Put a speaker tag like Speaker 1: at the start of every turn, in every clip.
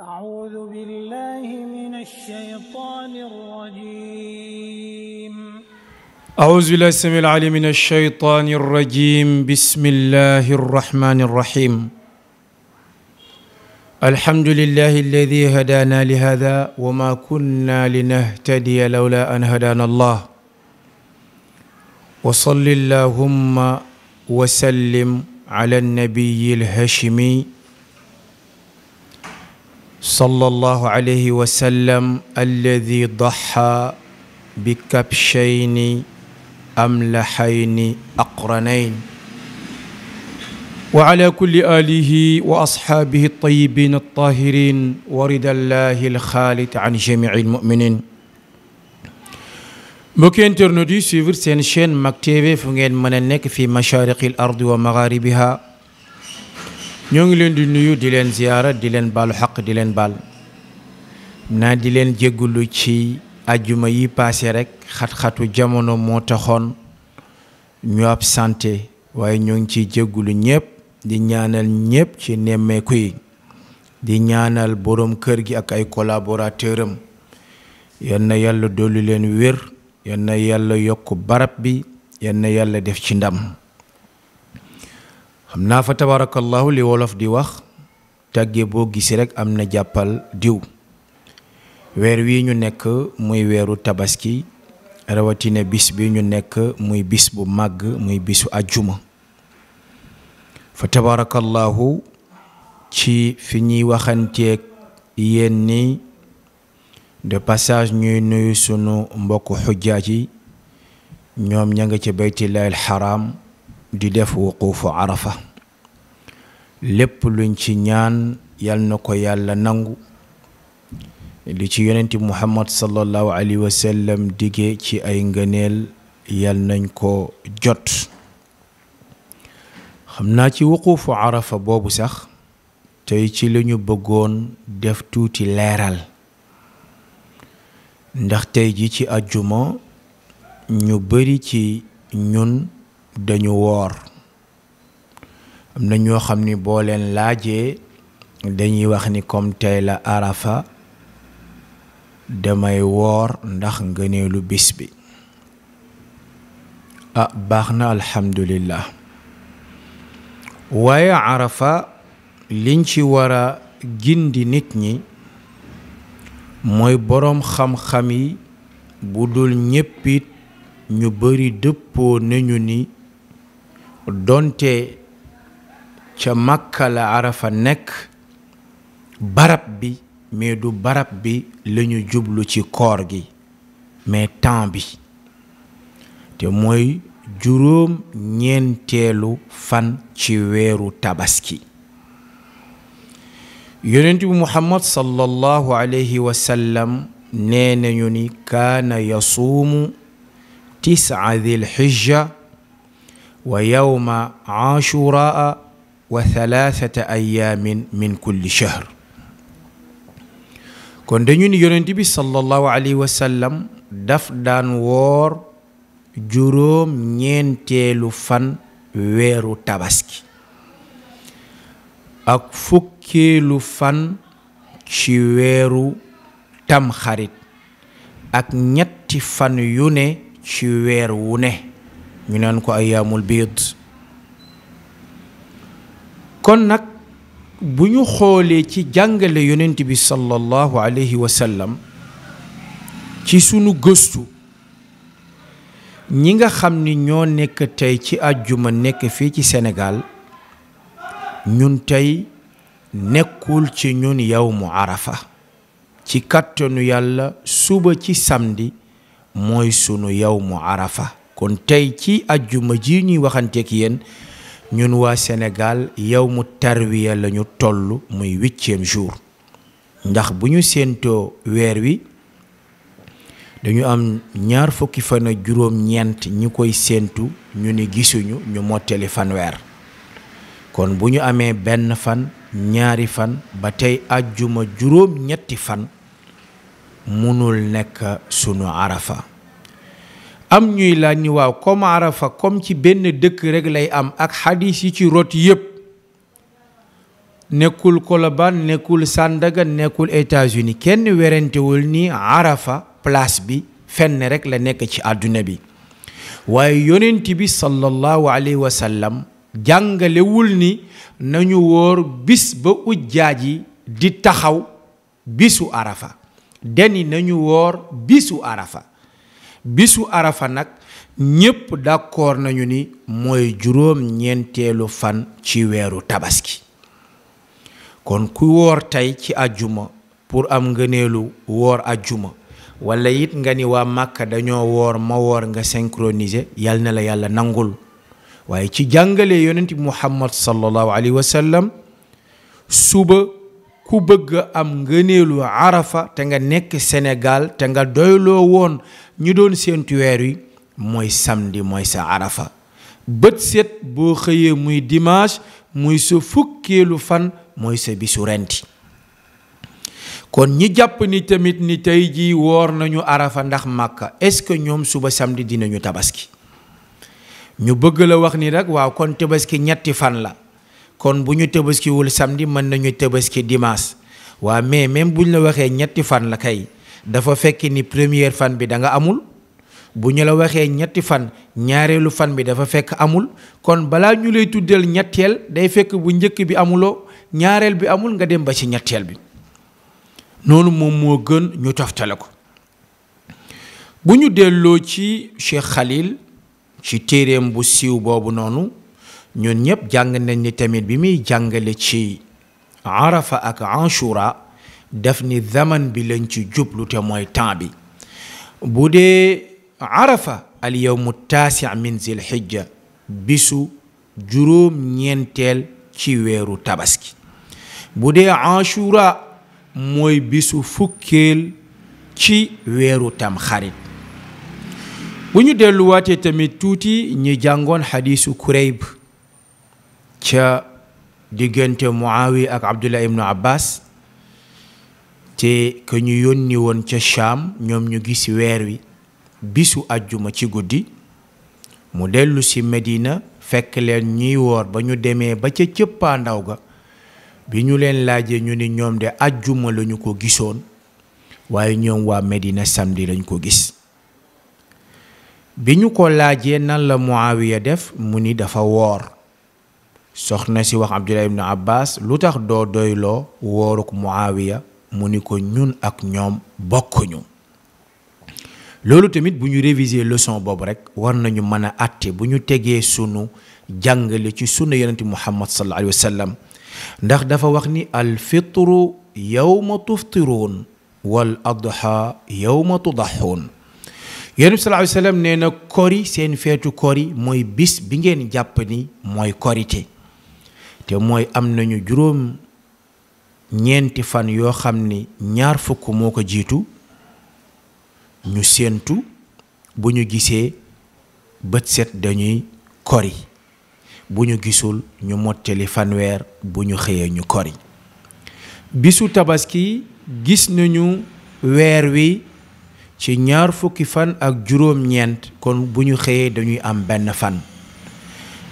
Speaker 1: أعوذ بالله من الشيطان الرجيم أعوذ بالله السميع العليم من الشيطان الرجيم بسم الله الرحمن الرحيم الحمد لله الذي هدانا لهذا وما كنا لنهتدي لولا أن هدانا الله وصل اللهم وسلم على النبي الهاشمي sallallahu alayhi wa sallam alladi daxa bi kabshayni amlaxayni aqranayn wa ala kulli alihi wa asxaabihi altayibin altahirin wa ridallahi alxaalit an jamici almuminin mbokki internet yi suivre seen chaîne Mak TV fu ngeen mën a nekk fi mashaariqi al ardi wa magharibiha ñoo ngi leen di nuyu di leen ziyaara di leen baalu xaq di leen baal naa di leen jéggulu ci ajjuma yi paase rekk xat-xatu jamono moo taxoon ñu ab absenté waaye ñoo ngi ciy jéggulu ñépp di ñaanal ñépp ci nemmeeku yi di ñaanal boroom kër gi ak ay collaborateur am na yàlla dolli leen wér yal na yàlla yokk barab bi yal na yàlla def ci ndam xam naa fa tabarakallahu li wolof di wax tàgge boo gisi rekk am na jàppal diw weer wii ñu nekk muy weeru tabaski rawatina bis bi ñu nekk muy bis bu màgg muy bisu àjjuma fa tabarakallahu ci fi ñuy waxanteek yéen ni de passage ñuy nuyu sunu mbokk xujjaaj yi ñoom ña nga ca baytillahi alxaram di def wuquufu arafa lépp luñ ci ñaan yal na ko yàlla nangu li ci yonenti muhammad sallallahu alayhi wa sallam ci ay ngëneel yal nañ ko jot xam naa ci wuqufu arafa boobu sax tey ci li ñu bëggoon def tuuti leeral ndax tey ji ci àjjuma ñu bari ci ñun dañu woor am na ñoo xam ni boo leen laajee dañuy wax ni comme tey la arafa damay woor ndax lu bis bi ah baax na alhamdulillah waaye arafa liñ ci wara gindi nit ñi mooy boroom xam-xam yi bu dul ñéppit ñu bari dëppoo nañu ni donte ca Makka la Arafa nekk barab bi mais du barab bi lañu jublu ci koor gi mais temps bi te mooy juróom ñeenteelu fan ci weeru tabaski yonent bi muhammad sallallahu alayhi wa sallam nee nañu ni kaana yasuumu tis'a dhil hijja wa yawma ashuraa wa thalathata ayaamin min kulli shahr kon dañu ni yonent bi sallallahu alayhi daf daan woor juróom ñeenteelu fan weeru tabaski ak fukkeelu fan ci weeru tamxarit ak ñetti fan yu ne ci weer wune ne ñu naan ko ayaamul biid kon nag bu ñu xoolee ci jàngale yonent bi sallallahu alayhi wa ci sunu gëstu ñi nga xam ni ñoo nekk tey ci àjjuma nekk fii ci Sénégal ñun tey nekkul ci ñun yow mu arafa ci kàttanu yàlla suba ci samedi mooy sunu yow mu arafa kon tey ci àjjuma ji ñuy waxanteek yéen ñun waa Sénégal yow mu tarwiya lañu ñu toll muy huitième jour ndax bu ñu séentoo weer wi dañu am ñaar fukki fan ak juróom-ñeent ñi koy séentu ñu ni gisuñu ñu mottali fanweer kon bu ñu amee benn fan ñaari fan ba tey àjjuma juróom-ñetti fan munul nekk sunu arafa. am ñuy laaj ni waaw comme arafa comme ci benn dëkk rekk lay am ak xadis yi ci rot yépp nekkul Colobane nekkul sàndaga nekkul États-Unis kenn werantewul ni arafa place bi fenn rekk la nekk ci àdduna bi waaye yonent bi sallallahu alayhi wa jàngalewul ni nañu woor bis ba ujjaaj yi di taxaw bisu arafa deni nañu woor bisu arafa bisu arafa nag ñépp d'accord nañu ni mooy juróom ñeenteelu fan ci weeru tabaski kon ku woor tey ci àjjuma pour am ngëneelu woor àjjuma walla it nga ni waa Màkka dañoo woor ma woor nga synchroniser yal na la yàlla nangul waaye ci jàngale yonent Muhammad sallallahu alayhi wa suba ku bëgg am ngëneelu arafa te nga nekk Sénégal te nga doyloo woon ñu doon seentu weer yi mooy samedi mooy sa arafa bët set boo xëyee muy dimanche muy sa fukkeelu fan mooy sa bisu renti kon ñi jàpp ni tamit ni tey jii woor nañu arafa ndax màkka est-ce que ñoom suba samdi dinañu tabaski ñu bëgg la wax ni rek waaw kon tabaski ñetti fan la kon bu ñu tëbaskiwul samedi mën nañu tëbaski dimaas waa mais même bu ñu la waxee ñetti fan la kay dafa fekk ni première fan bi danga amul bu ñu la waxee ñetti fan ñaareelu fan bi dafa fekk amul kon balaa ñu lay tuddal ñetteel day fekk bu njëkk bi amuloo ñaareel bi amul nga dem ba ci ñetteel bi noonu moom moo gën ñu toftale ko bu ñu delloo ci Cheikh Khalil ci téereem bu siiw boobu noonu ñun ñëpp jàng nañ ni tamit bi muy jàngale ci arafa ak anshura def ni zaman bi lañ ci jublu te mooy temps bi bu dee arafa al yowmu bisu juróom-ñeenteel ci tabaski bu dee anshura mooy bisu fukkeel ci weeru tam xarit bu ñu delluwaatee tamit tuuti ñi jàngoon xadiisu kurayb ca diggante Muawi ak Abdullah ibnu Abbas te que ñu yónni ca Cham ñoom ñu gis weer wi bisu àjjuma ci guddi mu dellusi Medina fekk leen ñuy woor ba ñu demee ba ca cëppaandaw ga bi ñu leen laaje ñu ni ñoom de àjjuma lañu ko gisoon waaye ñoom waa Medina samedi lañ ko gis bi ñu ko laajee nan la Muawiya def mu ni dafa woor soxna si wax Abdullah ibn Abbas lu tax doo doyloo wooruk Muawiya mu ni ko ñun ak ñoom bokkuñu loolu tamit bu ñu réviser leçon boobu rek war nañu mën a àtte bu ñu tegee sunu jàngale ci sunna yonente muhammad sallallahu alayhi wa ndax dafa wax ni al fitru yawma tuftiruun wal adha yawma tudaxuun yonente sallallahu alayhi wa sallam nee kori seen feetu kori mooy bis bi ngeen jàpp ni mooy korite te mooy am nañu juróom ñeenti fan yoo xam ni ñaar fukk moo ko jiitu ñu séentu bu ñu gisee bët set dañuy kori bu ñu gisul ñu mottali fanweer bu ñu xëyee ñu kori bisu tabaski gis nañu weer wi ci ñaar fukki fan ak juróom ñeent kon bu ñu xëyee dañuy am benn fan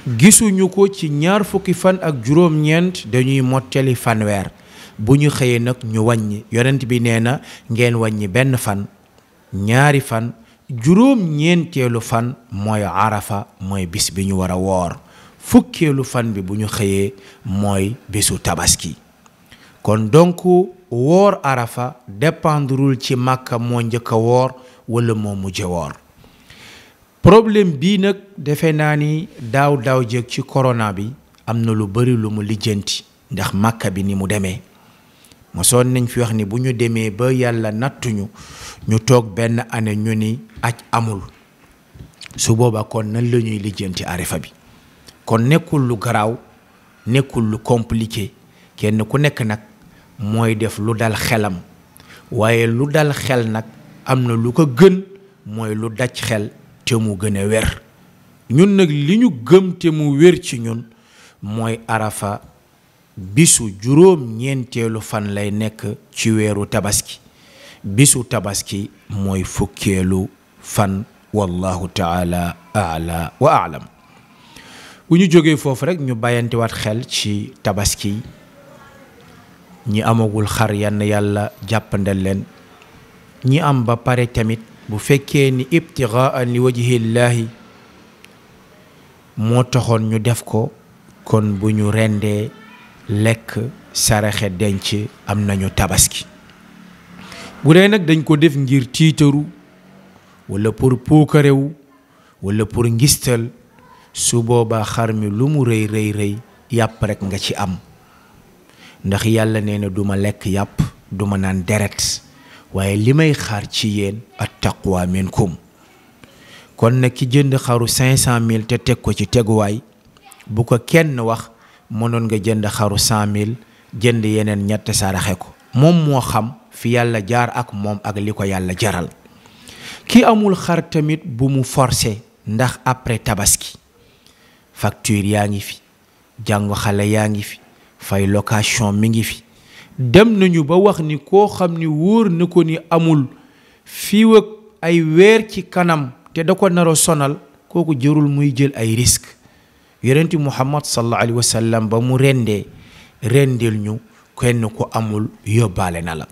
Speaker 1: gisuñu ko ci ñaar fukki fan ak juróom-ñeent dañuy mottali fanweer bu ñu xëyee nag ñu wàññi yonent bi neena ngeen wàññi benn fan ñaari fan juróom-ñeenteelu fan mooy arafa mooy bis bi ñu war a woor fukkeelu fan bi bu ñu xëyee mooy bisu tabaski kon donk woor arafa depandrul ci màkka moo njëkk a woor wala moo mujje woor problème bii nag defe naa ni daaw daaw jéeg ci corona bi am na lu bari lu mu lijjanti ndax màkka bi ni mu demee mosoon nañ fi wax ni bu ñu demee ba yàlla nattuñu ñu toog benn année ñu ni aj amul su boobaa kon nan la ñuy lijjanti arifa bi kon nekkul lu garaaw nekkul lu compliqué kenn ku nekk nag mooy def lu dal xelam waaye lu dal xel nag am na lu ko gën mooy lu daj xel te mu gën a wér ñun nag li ñu gëm te mu wér ci ñun mooy arafa bisu juróom ñeenteelu fan lay nekk ci weeru tabaski bisu tabaski mooy fukkeelu fan wallahu taala ala wa alam bu ñu jógee foofu rek ñu bàyyantiwaat xel ci tabaski ñi amagul xar yann yàlla jàppandal leen ñi am ba pare tamit bu fekkee ni ibtigaan li wajhillaahi moo taxoon ñu def ko kon bu ñu rendee lekk saraxe denc am nañu tabaski bu dee nag dañ ko def ngir tiitaru wala pour puukarewu wala pour ngistal su booba xar mi lu mu rëy rëy rëy yàpp rekk nga ci am ndax yàlla nee na duma lekk yàpp duma naan deret waaye li may xaar ci yéen at taqwa minkum kon na ki jënd xaru cinq cent mille te teg ko ci teguwaay bu ko kenn wax mënoon nga jënd xaru cent mille jënd yeneen ñett saraxe ko moom moo xam fi yàlla jaar ak moom ak li ko yàlla jaral ki amul xar tamit bu mu forcé ndax après tabaski facture yaa ngi fi jàngu xale yaa ngi fi fay location mi ngi fi dem nañu ba wax ni koo xam ni wóor na ko ni amul fiiw ay weer ci kanam te da ko nar sonal kooku jërul muy jël ay risk yonenti muhammad sallallahu alayhi wa ba mu rendee rendeel ñu kenn ko amul yóbbaale na la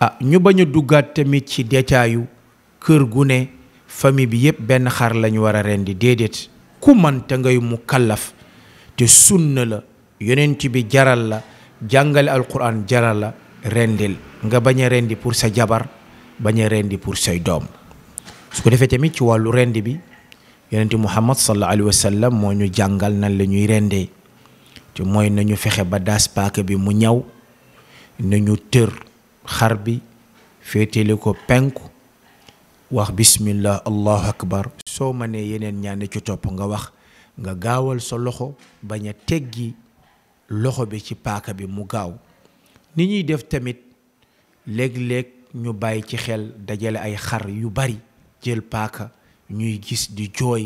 Speaker 1: ah ñu bañ a duggaat tamit ci détaayu kër gu ne famille bi yépp benn xar lañu war a rendi déedéet ku manta ngay mu kallaf te sunna la yonent bi jaral la jàngale alquran jaral la rendil nga bañ a rendi pour sa jabar bañ a rendi pour say doom su ko defee tamit ci wàllu rendi bi yonente muhammad sallallahu alayhi wa sallam moo ñu jàngal nañ la ñuy rendee te mooy nañu fexe ba daas paaka bi mu ñaw nañu tër xar bi féetale ko penku wax bismillah allahu akbar soo mënee yeneen ñaan ci topp nga wax nga gaawal sa loxo bañ teggi loxo bi ci paaka bi mu gaaw ni ñuy def tamit léeg-léeg ñu bàyyi ci xel dajale ay xar yu bari jël paaka ñuy gis di jooy